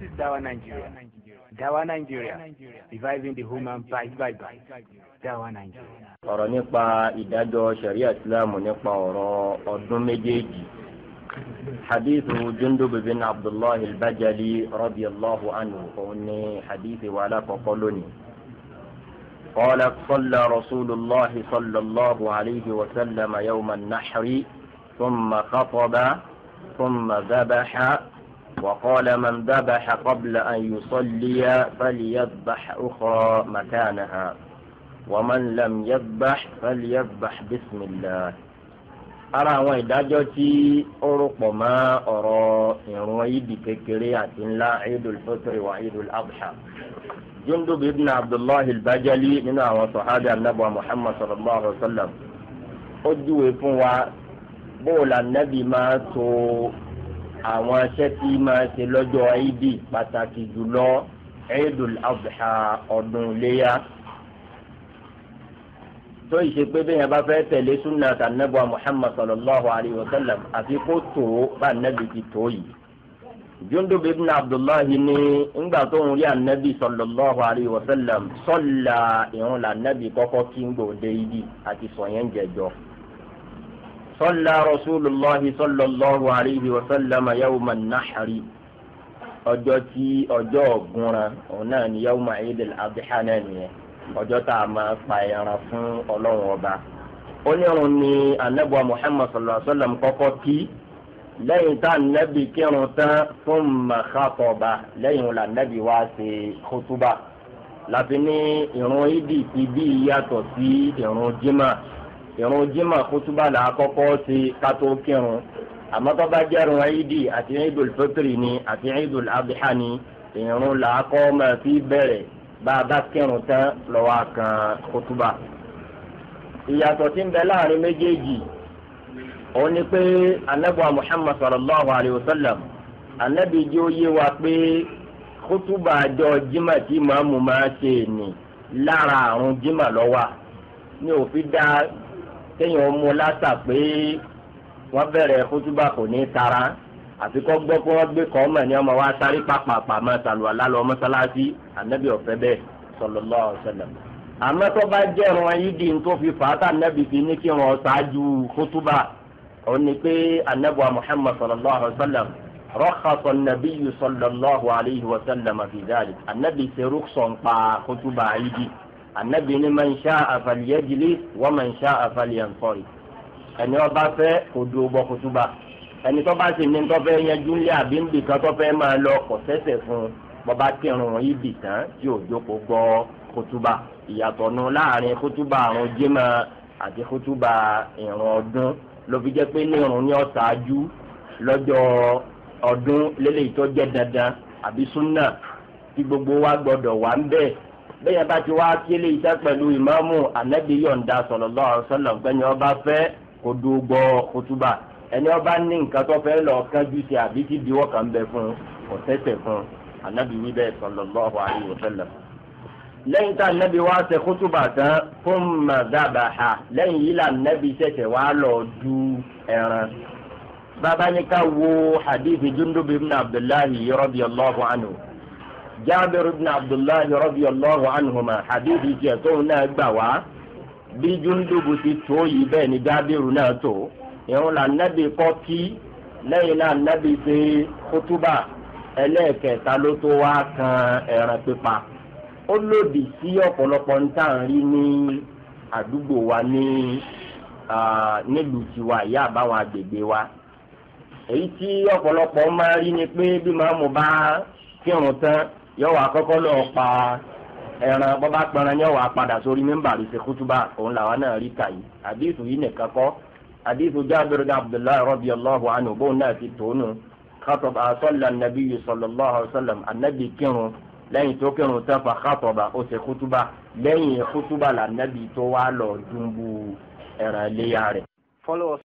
This is Dawa Nigeria. Dawa Nigeria. Reviving the human bite by bite. Dawa Nigeria. Ọ̀rọ̀ nípa ìdájọ́ Sharia Islam nípa ọ̀rọ̀ ọdún méjèèjì. حديث جندب بن عبد الله البجلي رضي الله عنه فإني حديث ولا فقلني قال صلى رسول الله صلى الله عليه وسلم يوم النحر ثم خطب ثم ذبح وقال من ذبح قبل أن يصلي فليذبح أخرى مكانها ومن لم يذبح فليذبح بسم الله ara àwọn ìdájọ́ tí ó rọpò mọ́ ọ̀rọ̀ ìrun ìdì kékeré àti ńlá idul fitr wa idul adha jundub ibn abdullahi al-bajali nínú àwọn sọ̀hádì anabu muhammad sallallahu alayhi wa sallam ó júwe fún wa bóòlù anabi máa tó àwọn aṣẹ́ tí máa ṣe lọ́jọ́ àìdì pàtàkì jùlọ Eidul Adha ọdún léyà tó ìṣe pé bẹ́ẹ̀ bá fẹ́ tẹ̀lé súnà tànẹ́bùà Muhammad sallallahu alayhi wa sallam àfi kó tó bá nẹ́bi ti tó yìí jundub ibn abdullahi ni ńgbà tó ń rí anabi sallallahu alayhi wa sallam sọ́la ìhun la anabi kọ́kọ́ kí ń gbòde yìí àti sọ̀yẹ́ ń jẹjọ́. صلى رسول الله صلى الله عليه وسلم يوم النحر ọjọ́ tí ọjọ́ ọ̀gúnran òun náà ni yawm Eid al-Adha náà nìyẹn ọjọ́ tá a máa pa ẹran fún ọlọ́run ọba onírun ni anabu muhammad sallallahu alaihi wa sallam kọ́kọ́ kí lẹ́yìn tá anabi kírun tán fún makatoba lẹ́yìn wọn anabi wá ṣe khutuba láti ní ìrun ìdí ti bí yàtọ̀ sí ìrun jimá ìrun jimá kútúbà là kọ́kọ́ sí kátó kírun àmọ́ tó bá jẹ́ ìrun ayídì àti ìdùl fẹ́tìrì ni àti ìdùl abdihà ni ìrun là kọ́ máa fi bẹ̀rẹ̀ bá a bá kírun tán lọ́wọ́ kan kútúbà. ìyàtọ̀ tí ń bẹ láàrin méjèèjì òun ni pé anabuwa muhammad sallallahu alayhi wa sallam anabi jẹ́ òye wa pé kútúbà àjọ jimá tí màmú máa ṣe ni lára àrùn jimá lọ́wọ́ ni òfin dáa kéèyàn mú lásà pé wọ́n bẹ̀rẹ̀ kótóbà kò ní tara àfi kọ́ gbọ́ pé wọ́n gbé kọ́ mọ̀ ní ọmọ wa sáré pàpàpà máa tàlù àlálọ́ mọ́sálásí ànábì ọ̀fẹ́ bẹ́ẹ̀ sallallahu alaihi wasallam. àmọ́ tó bá jẹ́ ìran yìí di tó fi fà ànábì fi ní kí wọ́n ṣáájú kótóbà ó ní pé ànábì Muhammad sallallahu alaihi wasallam anabi ni man sha'a falyajlis wa man sha'a falyanfari ẹni ó bá fẹ́ kó dúró bọ́ kútúbà ẹni tó bá sì ní tó fẹ́ yanjú lé àbí ń bì kan tó fẹ́ máa lọ kò sẹ́sẹ̀ fún bọ́bá kírun yìí bì tán tí ò jókòó gbọ́ kútúbà ìyàtọ̀ nu láàrin kútúbà àrùn jímọ̀ àti kútúbà ìrùn ọdún ló fi jẹ́ pé ní ìrùn ní ọ̀sáájú lọ́jọ́ ọdún lélẹ́yìí tó jẹ́ dandan àbí súnà tí gbogbo wa gbọ́dọ̀ wà ń bẹ́ẹ̀ bẹ́ẹ̀ bá ti wá kílé iṣẹ́ pẹ̀lú ìmáàmù ànábì yọ̀ǹda sallallahu alaihi wasallam gbẹ́ni ọba fẹ́ kó dúró gbọ́ kútúbà ẹni ọba ní nǹkan tó fẹ́ lọ kánjú ṣe àbí kí diwọ́ kan bẹ fún kò tẹ́tẹ̀ fún ànábì wí bẹ́ẹ̀ sallallahu alaihi wasallam. lẹ́yìn tá ànábì wá ṣe kútúbà tán fún màdàbàhà lẹ́yìn yìí là ànábì ṣẹ̀ṣẹ̀ wá lọ du ẹran. bàbá wo hadith Jundub ibn Abdullahi radiyallahu anhu jaabir ibn abdullahi radiyallahu anhuma hadithi tiẹ̀ tóun náà gbà wá bí jundubu ti tó yìí bẹ́ẹ̀ ni jaabiru náà tó ìhun la nabi kọ́ kí lẹ́yìn náà nabi ṣe kútúbà ẹlẹ́ẹ̀kẹta ló tó wá kan ẹran pípa ó lòdì sí ọ̀pọ̀lọpọ̀ níta ń rí ní àdúgbò wa ní nílùú tiwa ìyá àbáwọn agbègbè wa èyí tí ọ̀pọ̀lọpọ̀ máa rí ni pé bí màmú bá kírun tán yóò wá kọ́kọ́ lọ pa ẹran bọ́bá pẹran yóò wá padà sórí mímbàrí ṣe kútúbà òun làwọn náà rí kàyí àdìsù yìí nìkan kọ́ àdìsù jábìrì abdullahi radiyallahu anhu bóun náà ti tóónù kátọ̀bà sọ́lá nàbíyù sallallahu alaihi wasallam ànábì kírun lẹ́yìn tó kírun tán fa kátọ̀bà ó ṣe kútúbà lẹ́yìn kútúbà làǹdàbì tó wá lọ dùnbù ẹran léyà rẹ̀.